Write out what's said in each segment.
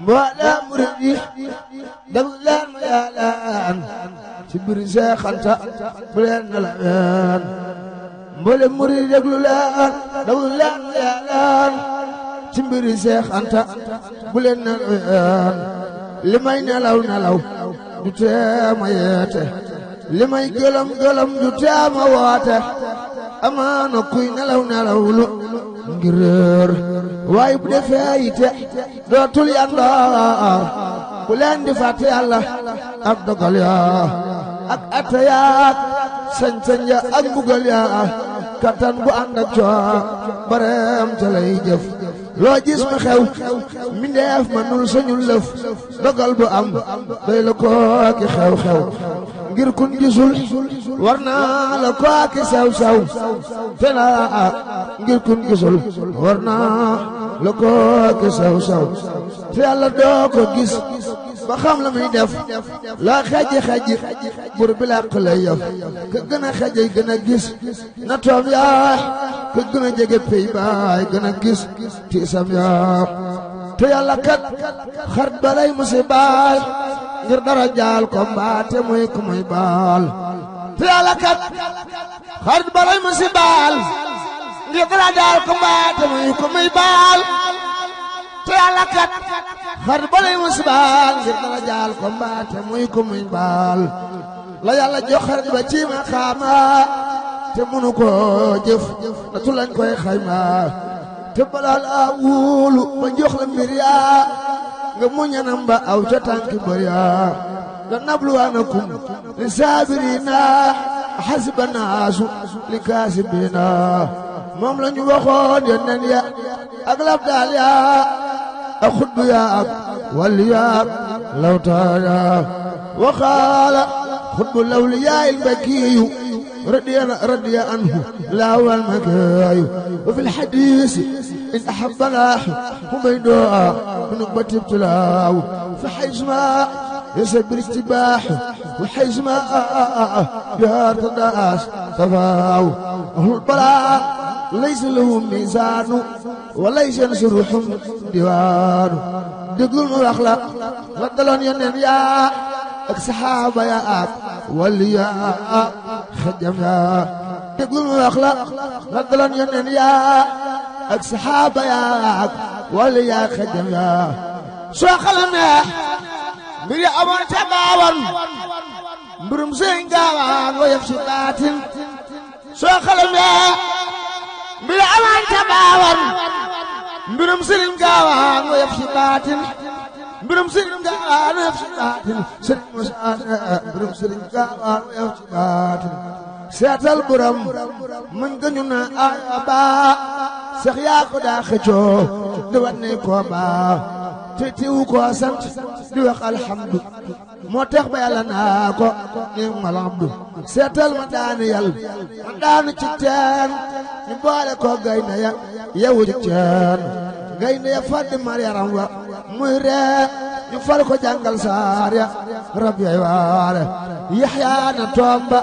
mboolem murid yi déglu leen ma yaalaan ci biir Seex bu leen nelaween mboolem murid yi déglu leen déglu leen ci biir Seex bu leen nelaween li may nelaw nelaw du tee yeete li may gëlëm gëlëm du tee ma woote kuy nelaw nelaw lu ngir réer waaye bu defee yite dootul yàlla ku leen di fàtte yàlla ak dogal ya ak atta ya ak sañ-sañ ya ak mbugal ya kattan bu ànd ak bareem ca lay jëf loo gis mu xew mi ndeef manul sañul lëf dogal bu am day la kooki xew-xew ngir kun gisul war naa la ko ak sew sew te naa ngir kun gisul war naa la ko ak sew sew te yàlla doo ko gis ba xam la muy def la xaji xaji bur bi làq lay yof ka gën a xaji gën a gis na toom yaay ka gën a jege pey baay gën a gis tiisam yaa te yàlla kat xar balay musibaay ngir dara ko mbaate muy ku baal te yàlla kat xarit ba lay baal ngir dara jaal muy ku baal te yàlla kat xarit ba lay baal ngir dara jaal muy ku baal la yàlla jox xarit ba ci xaama te munu ko jëf na tu koy xayma te balaa laa wóolu ba jox la mbir nga muñanam ba aw ca tànki mbër yaa la nabluwaanakum li saabiriina xasibanaasu li kaasibiina moom la ñu waxoon yonent ya ak labdaal ya ak xuddu ya ak walli ya ak lawtaar waxaala xuddu lawli yaayil mbakiyu رضينا رضي عنه لا والمكاي وفي الحديث إن أحب لاح هم دعاء نقبة ابتلاو فحيث ما يسد بالاستباح وحيث ما يا الناس تفاو أهل البلاء ليس له ميزان وليس ينصرهم ديوان دقل الأخلاق ودلون ينن يا ak saxaaba ya ak waliya xajam ya tegul wax la la daloon yoneen ya ak saxaaba ya ak waliya xajam ya soo xalamee mbir ya ca baawan mbirum sëñ gaawaan woyof si baatin soo mbirum sëriñ gaawaan weef ci baatin sëriñ Musaa mbirum sëriñ gaawaan weef ci baatin seetal buram mën nga ñu na aaya baa sax yaa ko daa di wat ne koo baa te teewu koo sant di wax alhamdu moo tax ba yàlla naa ko ni malamdu seetal ma teen ñu boole ko gay ya yewu ci gaynde ya fàddi mar yaram wa muy ree ñu far ko jàngal saar ya rab yay waare yaxyaa na tomba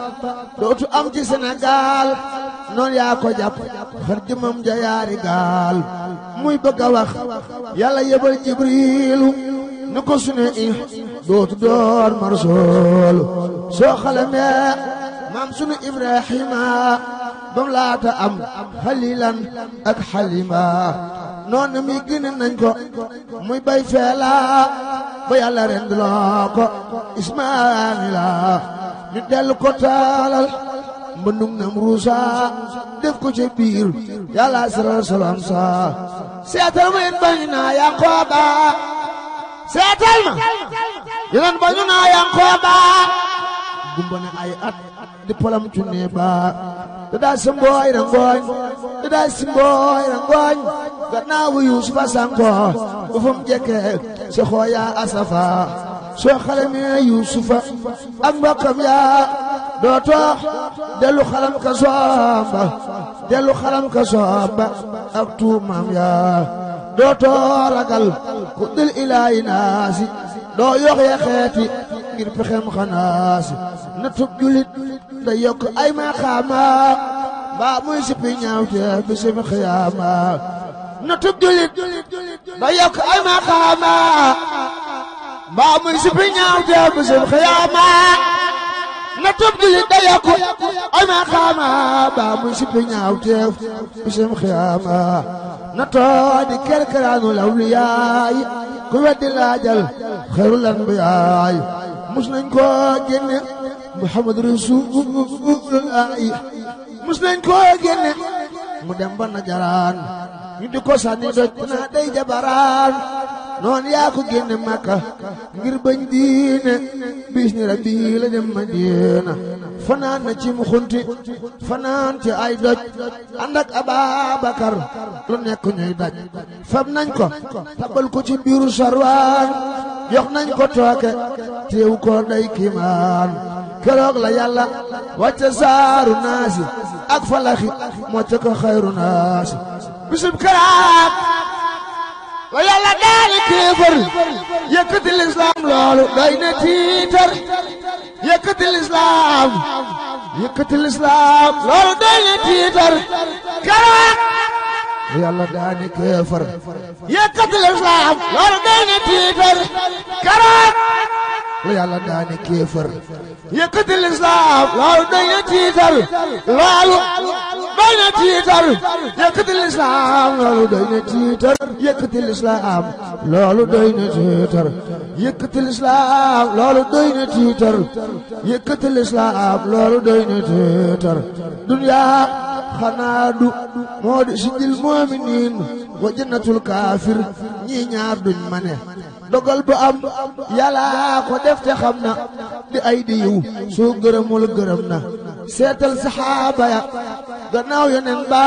dootu am ci Sénégal noon yaa ko jàpp xar jëmam ja yaari gaal muy bëgg a wax yebal jibriilu nu ko sune i dootu doon marsoolu soo xalamee maam sunu ibrahima bam laata am xalilan ak xalima noonu mi gën nañ ko muy bay feela ba yàlla rendloo ko ismaila ñu dellu ko taalal mbëndung nam ruusa def ko ca biir yàlla saral salam sa seetal ma yéen bañu naa Yankooba seetal ma yéen bañu naa Yankooba gumba na ay at di polam cunne baa dadaa simbooy rangooñ dadaa simbooy rangooñ gannaawu yuusufa sanko ufum jekke si xoo yaa soo xalamee yuusufa ak mbokkam yaa dootoo dellu xalam soomba dellu xalam soomba ak tuumaam yaa dootoo ragal ku dil ilaayi naasi doo yoxee xeeti ngir pexem xanaasi na tub julit da yokk ay maqaama mbaa muy sippi ñaaw te bi si xiyaama na tub julit da yokk ay maqaama mbaa muy sippi ñaaw te bi si xiyaama na tub julit da yokk ay maqaama mbaa muy sippi ñaaw te bi si xiyaama na toodi kerkeraanu lawliyaay ku weddi laajal xeyrul anbiyaay mus nañ ko génne Muhammad Rasulullah mus nañ koo génne mu dem ba najaraan ñu di ko sànni doj naa day jabaraan noon yaa ko génne Makka ngir bañ diine bis ni rabi la dem Madina fanaan na ci mu xunti fanaan ci ay doj ànd ak Ababakar lu nekk ñuy daj fab nañ ko tabal ko ci biiru sarwaan jox nañ ko tooke teew ko day kiimaan keroog la yàlla wàcce saaru naasi ak falaxi mocce ko xayru naasi bisub keroog la yàlla daali kéefër yëkkati lislaam loolu doy na tiitar la yàlla daali kéefër yëkkati lislaam loolu doy na tiitar bu yàlla daane kéefër yëkkati lislaam loolu doy na tiitar loolu doy na tiitar yëkkati lislaam loolu doy na tiitar yëkkati lislaam loolu doy na tiitar yëkkati lislaam loolu doy na tiitar yëkkati lislaam loolu doy na tiitar duniyaa xanaa du moo di sijil mu'miniin wa jannatul kaafir ñii ñaar duñ mane dogal bu am yàllaa ko def te xam na di ay di yiw soo gërëmul gërëm na seetal saxaaba ya gannaaw yonen ba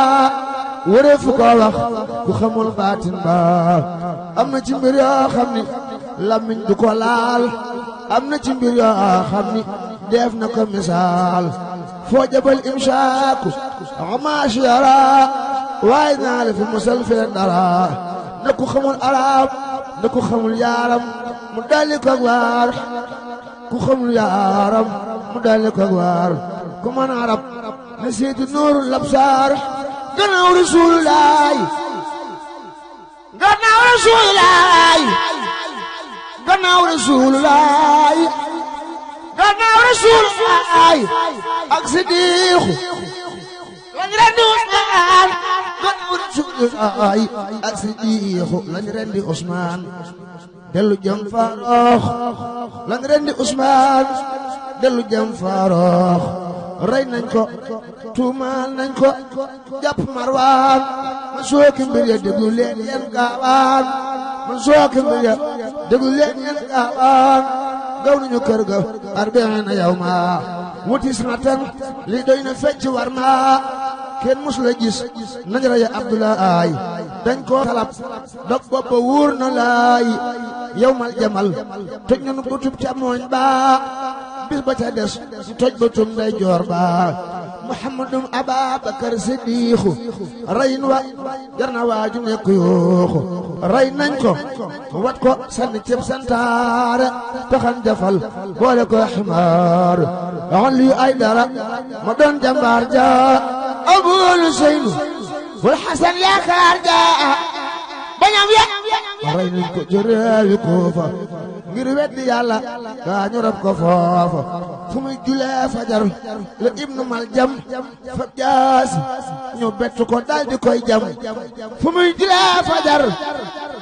wëree fu ko wax ku xamul baatin ba am na ci mbir yoo xam ni làmmiñ du ko laal am na ci mbir yoo xam ni def na ko misaal foo jabal imsaaku amaas yara waaye naa la fi musal fee dara na ku xamul arab na ku xamul yaaram mu dalli ko waar ku xamul yaaram mu dalli ko waar ku mën arab na seeti nuurul absaar gannaaw rasuulullaay gannaaw rasuulullaay gannaaw rasuulullaay gannaaw rasuulullaay ak sidiixu lañ rendi Ousmane man mu suñu ay ak siddiixu lañ rendi Ousmane dellu jëm faaroox lañ rendi Ousmane dellu jëm faaroox rey nañ ko tuumaal nañ ko jàpp marwaan ma sooki mbir ya déglu leen yéen gaawaan ma sooki mbir ya déglu leen yéen gaawaan gaw kër ga arbe na wutis na tan li doy na war ma kenn musula gis nañ raya Abdoulaye dañ koo talab dog bopp ba wóor na laay yow mal jamal toj nañu bëtub càmmooñ ba bis ba ca des toj bëtum nday joor ba muhammadum ababakar siddiixu rayin wa jar na waaju nekk yooxu ray nañ ko wat ko sanni cib santaare taxan jafal boole ko ximaar xon liyu ay dara ma doon jambaar ja abul Seynu wal Xasan yaakaar jaa bañam ya rey nañ ko jëreewi ngir weddi yàlla gaa ñu rab ko foofa fu muy julee fajar la ibnu maljam fa jaas ñu bett ko dal koy jam fu muy julee fajar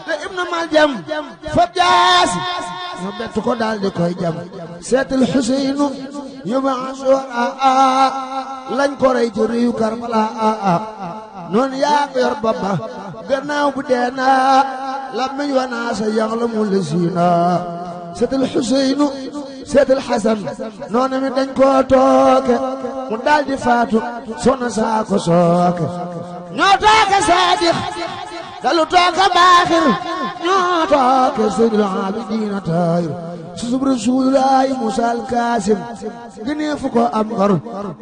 la ibnu maljam fa jaas ñu bett ko dal koy jam seetal Xuseynu yu ma asuraa lañ ko rey ci a Karbala noonu yaa ko yor baba gannaaw bu dee naa làmmiñ wa naa sa yaxlamu lasiina seetal Xuseynu seetal Xasan noonu mi dañ koo tooke mu daal faatu soxna saa sooke ñoo tooke Saadix te lu toog a baaxir ñoo toog kër Seydil Abidina Taayir su sub Rasuulullaahi Muusal Kaasim gënee fu ko am xar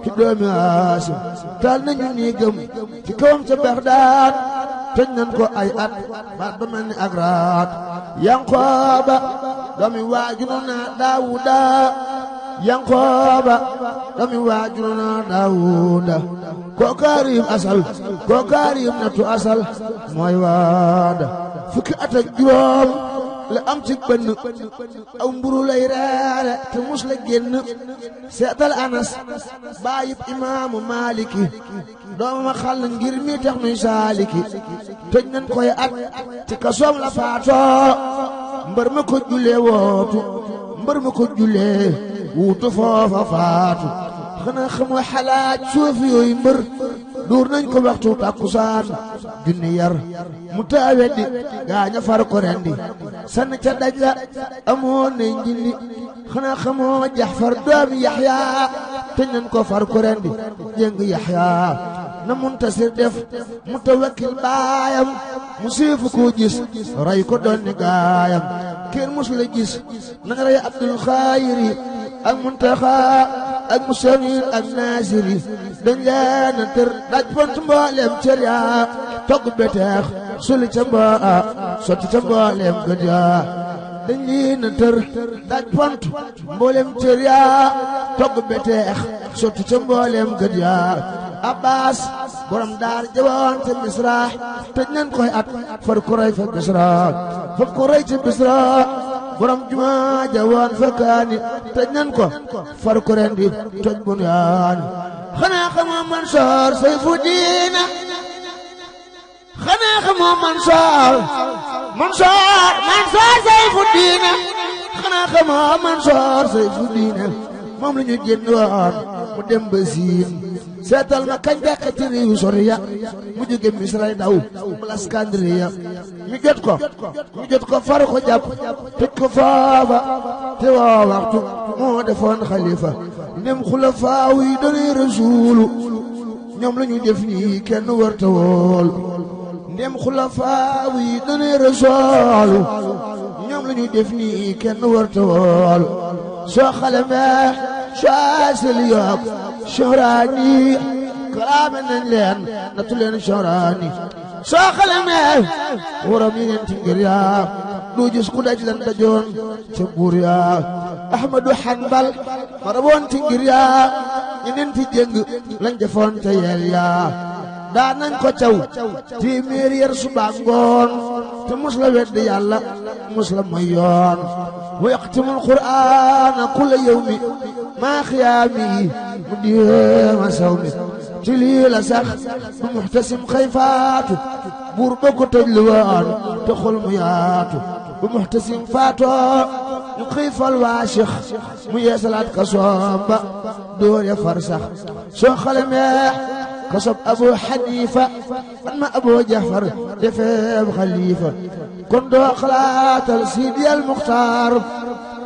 ci doomi Haasim taal nañu nii gëm ci kawam ca Baxdaad tëj nañ ko ay at baat ba mel ni ak raat Yankooba doomi waajuru na Daawuda yanqooba kami waajurona daawuda ko karim asal ko karim natu asal mooy waada fukki at juróom la am ci aw mburu lay reere te mus la génn seetal anas baayib imaamu maliki doomama xal ngir mi tax nuy saaliki tëj koy at ci kasoom la faatoo mbër ma ko julee wootu mbër ma ko wuutu foofa faatu xanaa xamoo xalaat suuf mbër duur nañ ko waxtu takkusaan junni yar mu taawe di gaaña far ko rendi sann ca daj la amoon nañ jinni xanaa xamoo jaxfar doomi yaxya te nañ ko far ko rendi jéng yaxya na muntasir def mu tawakkil baayam mu siifu koo gis rey ko doon ni gaayam kenn musu la gis na nga rey abdul xaayiri ak muntaxa ak musawir ak naasiri dañ leen a tër daj font mboolem cër yaa togg beteex suli ca mboo sotti ca mboolem gëj yaa dañ leen a tër daj font mboolem cër yaa togg beteex sotti ca mboolem gëj yaa Abbas borom daar jawoon ca Misra tëj nañ koy at far ku rey fa Misra far ku rey ca Misra borom jumaa ja woon fa kaani toj nan ko far ko ren di toj bunyaan xanaa xamoo Mansoor Sayfu diina xanaa xamoo Mansoor Mansoor Mansoor diina xanaa xamoo Mansoor Sayfu diina moom la ñu génn woon mu dem ba siin seetal ma kañ dàq ci réew sori ya mu jóge misray daw mu laskandriya ñu jot ko ñu jot ko far ko jàpp tëj ko faaba te waa waxtu moo defoon xalifa nem xulafaaw yi doonee rasuulu ñoom la ñu def nii kenn wa warta wool ndem xulafaaw yi doonee rasuulu ñoom la ñu def nii kenn warta wool soo xale meex chaasil yokk choraani kalaame nañ leen natu leen choraani soo xalamee waram yi ngeen ci ngir yaa du gis ku daj lan dajoon ca buur yaa ahmadu hanbal maraboon ci ngir yaa ñeneen ci jëng lañ defoon ca yeel yaa daa nañ ko caw téeméer yar suba ngoon te mos la wedd yàlla mos la moy yoon wa yaqtimul qur'aana kulla yawmi maa xiyaami mu diima saw mi ci lii la sax mu muxtasim xëy faatu buur ba ko tëj lu woon te xol mu yaatu bu muxtasim faatoo ñu mu yeesalaat kasoom ba dóor ya far sax soo xale meex kasoom Abu Xanifa man ma Abu Jafar defeem xalifa kon doo xalaatal Sidi al Muxtaar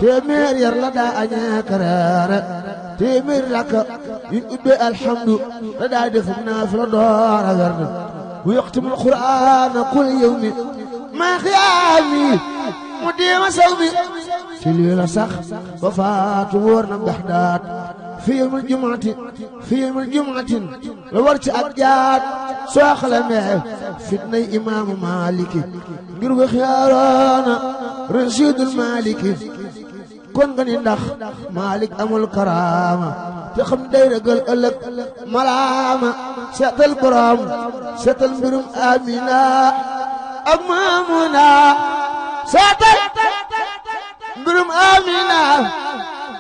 téeméer yar la daa añee kareere téeméer rakka yuñ ubbe alhamdu la daa defum naa fi la doora werna bu yoxtimul qur'aana kul yawmi maa xiyaami mu diima sawmi ci lii la sax ba faatu wóor na ndax daat jumaati fi jumaatin la war ci ak jaat soo xalamee fitnay imaamu maaliki ngir waxyaaroona rasiidul maaliki kon nga ni ndax Malick amul karaama te xam day ragal ëllëg malaama seetal borom seetal mbirum Amina ak Maamuna seetal mbirum Amina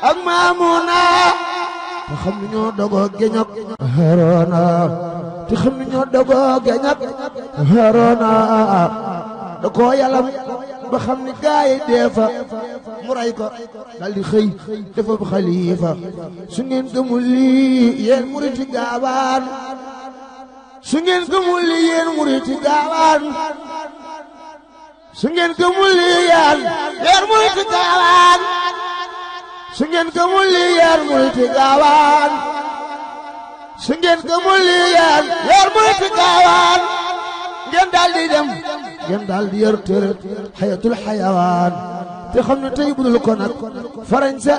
ak Maamuna te xam ni ñoo dogoo geñok Haroona te xam ni ñoo dogoo geñok Haroona da koo yalam ba xam ni gaay yi dee fa mu ray ko dal di xëy dafa xalifa su ngeen gëmul lii yéen muriti gaawaan su ngeen gëmul lii yéen muriti gaawaan su ngeen gëmul lii yéen yéen muriti gaawaan su ngeen gëmul lii yéen muriti gaawaan su ngeen gëmul lii yéen yéen muriti gaawaan ngeen dal di dem yéen daal di yor téere xayatul xayawaan te xam ne tey budul ko nag farañse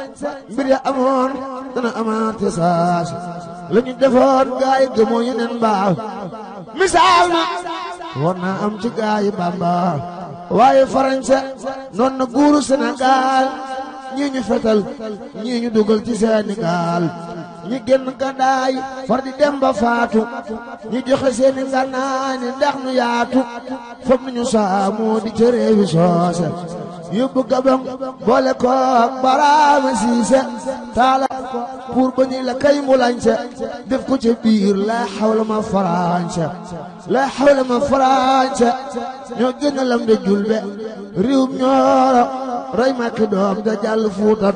mbir ya amoon dana amaate saas la ñu defoon gaay yi gëmoo yeneen mbaaw misaal na war naa am ci gaay yi Bàmba waaye farañse noon na guuru Sénégal ñii ñu fetal ñii dugal ci Sénégal ñi génn gàddaay far di dem faatu ñi joxe seeni ngànnaani ndax nu yaatu foog ñu saamu di ca réewi yóbbu gabam boole kook baraama siise taala pour ba kay mbulañse def ko biir la xawla ma farañse la xawla ma farañse ñoo génn lam de julbe réewum ñooro rey ma doom da jàll fuuta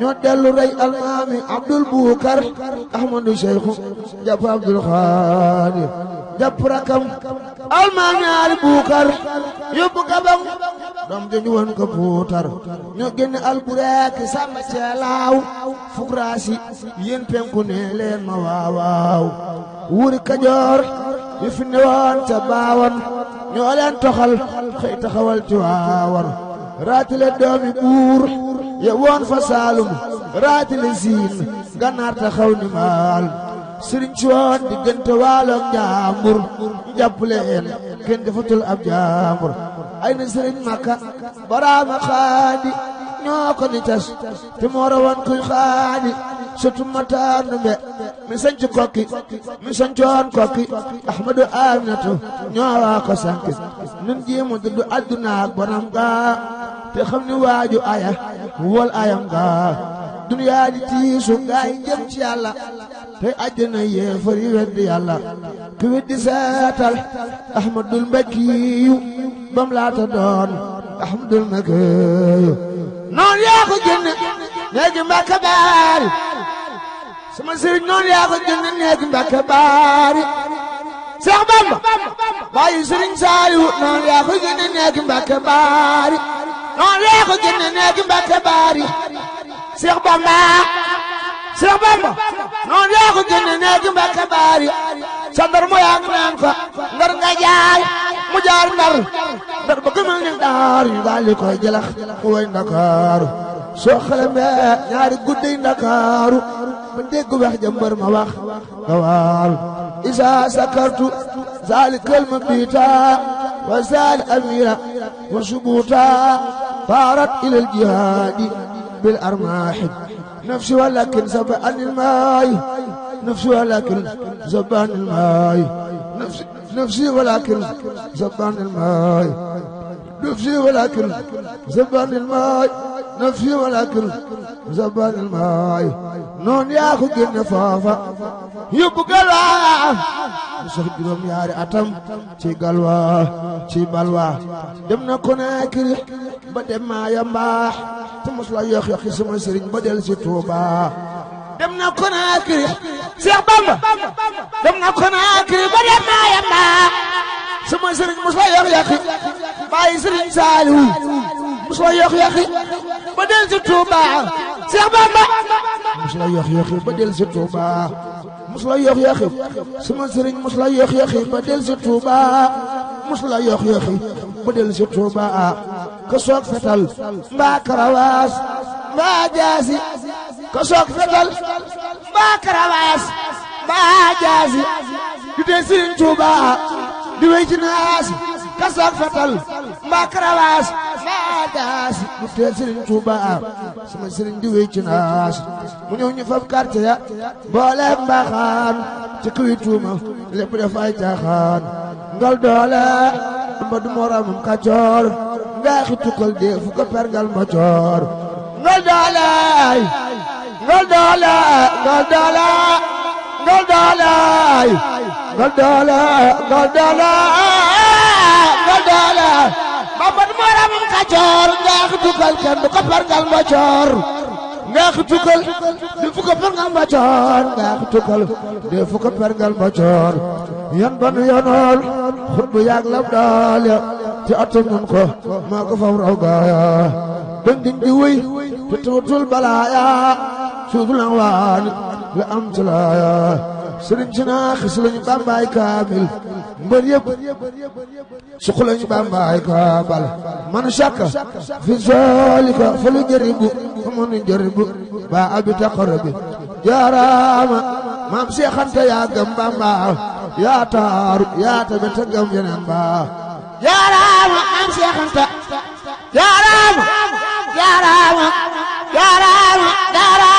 ñoo dellu rey almaami abdul buukar ahmadu seyxu jàpp abdul xaadir jàpp rakam almaami ali buukar yóbbu gabam doom jëñu woon ko puutar ñoo génne albureeki sàmm seelaaw fukraasi yéen penku ne leen ma waawaaw wuuri kajoor yi fi ne woon ca baawan ñoo leen toxal xëy taxawal ci waawar raatile doomi buur ya woon fa saalum raatale siin ganaar taxaw ni maal sëriñ coon diggante waalo ak njaambur jàpp leen kenn defatul ab njaambur ay na sëriñ makka baraama xaadi ñoo ko ni tas te moo rawoon kuy xaadi sotu mataar numbe mi sanc kokki mi sancoon kokki ahmadu aminatu ñoo ko sank nun jéemu du àdduna ak bonam ga xam ni waaju aya wol ayam nga duniyaa di tiisu ngaay jëm ci yàlla tey àjjana yéefar yi weddi yàlla ku weddi seetal ahmadul mbakiyu bam laata doon ahmadul mbakiyu noon yaa ko génne néegi mbàkke baari sama sëriñ noon yaa ko génne néegi mbàkke baari Seex Bamba bàyyi sëriñ Saaliwu noon yaa ko génne néegi mbàkke baari noonu lee ko jënd néegi Mbàkke Baari Seex Bamba Seex Bamba noonu lee ko jënd néegi Mbàkke Baari sandar mu yaa ngi naan fa ndar nga jaay mu jaar ndar ndar ba gëmal ne daar ñu koy jëlax mu way ndakaaru soo xalamee ñaari guddi ndakaaru ma dégg wax jëmbër ma wax nga waaru sakartu zaali kalma biita wa zaali amira wa subuuta طارت إلى الجهاد بالأرماح نفسي ولكن زب عن الماء نفسي ولكن زب عن الماء نفسي, نفسي ولكن زب عن الماء نفسي ولكن زب عن الماء nafsi wala kër zabanil maay noon yaa ko génne foofa yóbbu galwa mu sax juróom yaari atam ci galwa ci balwa dem na Konaakiri ba dem maa yambaax te mos la yox yoxi sama sëriñ ba del si Tuuba dem na Konaakiri Seex Bamba dem na Konaakiri ba dem maa yambaax sama sëriñ mos la yox yoxi bàyyi sëriñ mos la yox yoxi ba del si Touba Cheikh Bamba mos la yox yoxi ba del si Touba mos la yox yoxi sama sëriñ mos la yox yoxi ba del si Touba mos la yox yoxi ba del si Touba ka soog fetal mbaa karawaas mbaa jaasi ka soog fetal mbaa karawaas mbaa jaasi di dee sëriñ Touba di wéy ci naas ka soog fetal mbaa karawaas daas mu teel Serigne Touba sama Serigne di wéy ci naas mu ñëw ñu fab carte ya boole mbaxaan ci kuy tuuma lépp dafay caaxaan ngal doole amba du moroomam kacoor ngaa xi tukkal dee fu ko pergal ma coor ngal doole ngal doole ngal doole ngal doole ngal doole ngal doole ngal doole man moromam Kajoor ngaax dugal kenn du ko pargal Mbajoor ngaax dugal defu ko pargal Mbajoor ngaax dugal defu ko pargal Mbajoor yan ba nu yonool xut bu yàgg lam daal ya ci atum nun ko maa ko faw raw gaaya dëndin di wëy te tuutul balaaya suuf la waan la am ci sëriñ si naa xis kaamil mbër yëpp suq lañu bàmbaay kaabal man sàkk fi zalika falu jëribu amanu jëribu ba abi taqarabi jaaraama maam seexanta yaa gëm bàmbaa yaa taaru yaa tabe te gëm yeneen baa maam seexanta jaaraama jaaraama jaaraama jaaraama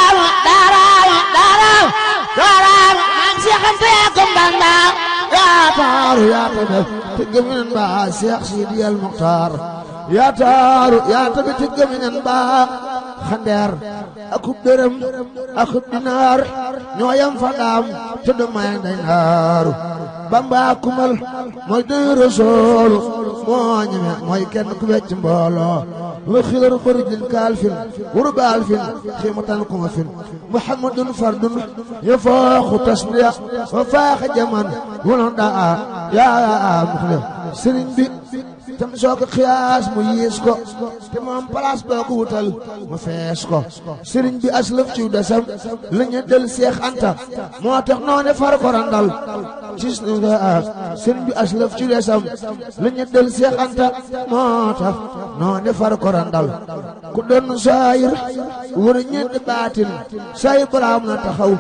أنساكم بندا يا طار يا طب تق من با شيخ سيدي المختار يا طار يا طب تق من با xandeer akub dërëm akub dinaar ñoo yam fa daam tudd may day naaru bamba kumal mooy dëy rasoolu moo ñeme mooy kenn ku wecc mbooloo وخير خرج الكالف وربع الف خيمة قوف محمد فرد يفاخ تسبيح وفاخ جمال ولن يا مخلف سرين بي tam soo ko xiyaas mu yiis ko te moom place boo ko wutal mu fees ko sëriñ bi aslëf ciw desam la ñu del seex anta moo tax noone far ko randal ci sëriñ bi aslëf ciw desam la ñu del seex moo tax noone far ko randal ku doon saayir war a baatin say baraam na taxaw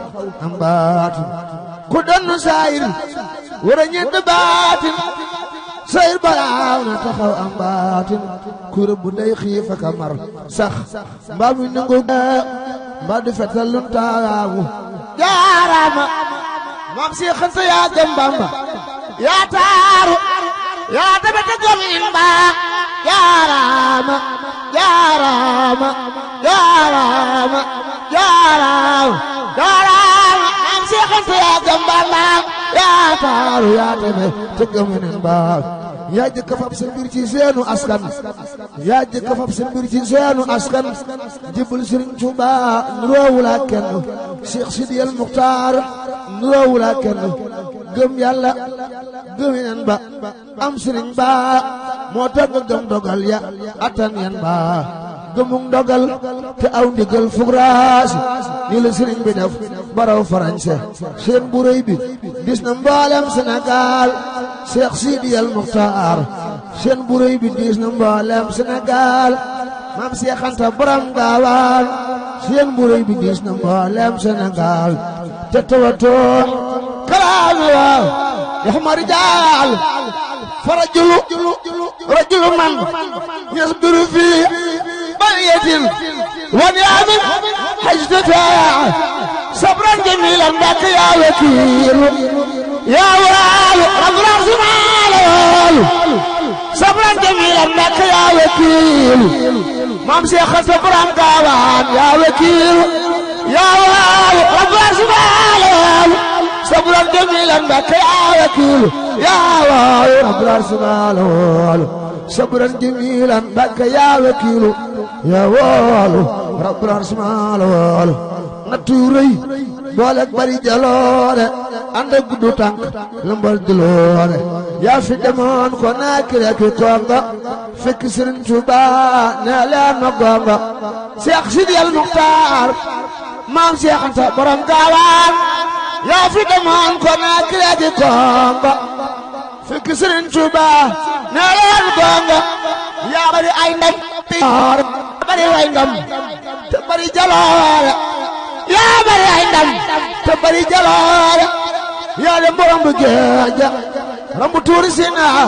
am baatin ku doon saayir war a baatin say baraaw na taxaw am baatin ku rëbb day xiif ak a mar sax mbaa mu nangu mbaa du fetal lu taaraamu jaaraama maam si xën sa yaa gëm Bamba yaa taaru yaa dabe te gëm in baa jaaraama jaaraama jaaraama jaaraama jaaraama maam si xën sa yaa gëm Bamba yaa taaru yaa teme te gëmënen ba yaa jëkk fab sa ci seenu askan yaa jëkk fab sa ci seenu askan jibul Sëriñ Tuuba nuroowula kenn Cheikh Sidi El Muxtaar nuroowula kenn gëm yàlla gëmënen ba am sëriñ ba moo tax gëm dogal ya atan yan ba gëmug ndogal te aw ndigal fug raasi ni la sëriñ bi def baraw farañse seen bu bi dis na mboolem Sénégal Cheikh Sidi El seen bu bi dis na mboolem Sénégal maam Cheikh Anta borom seen bu bi dis na mboolem Sénégal te tawatoon kalaana waaw يحمى رجال فرجل رجل من يصبر في بلية ونعم حجتها صبرا جميلا بك يا وكيل يا وال رب راس صبرا جميلا بك يا وكيل مام شيخ صبرا قاوان يا وكيل يا وال رب راس صبرا جميلا بك يا وكيل يا الله رب الأرسمال صبرا جميلا بك يا وكيل يا الله رب الأرسمال نتوري بولك بري جلوله ànd ak guddu tànk lëmbal di yaa fi demoon ko naak rek toog nga fekk Sëriñ Tuuba ne leen ma gonga Seex Sidiyal Muxtaar maam Seex Anta borom yaa fi demoon Conakry di Congo fekk Sëriñ Tuuba nee leen Congo yaa bari ay ndam yor bari way ndam te bari jaloore yaa bari ay ndam te bari jaloore yaa dem borom bu géej rambu tuuri si naa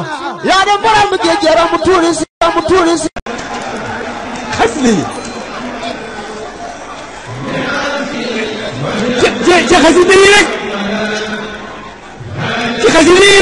yaa dem borom bu géej rambu tuuri si rambu tuuri si xas lii ci xasida yi rek ci xasida yi